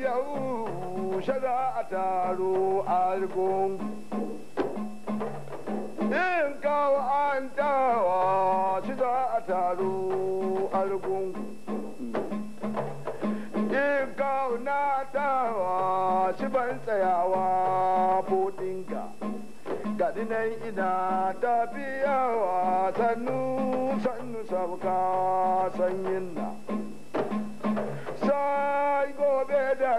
yau shada a taro a rikon in kawo an tawa shida a taro a rikon in kawo na tawa shi ban tsayawa bodinka gadi nan ina tafiyawa sannu sannu sauka sanyin na